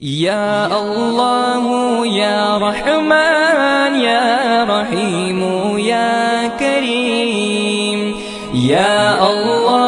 يا الله يا رحمن يا رحيم يا كريم يا الله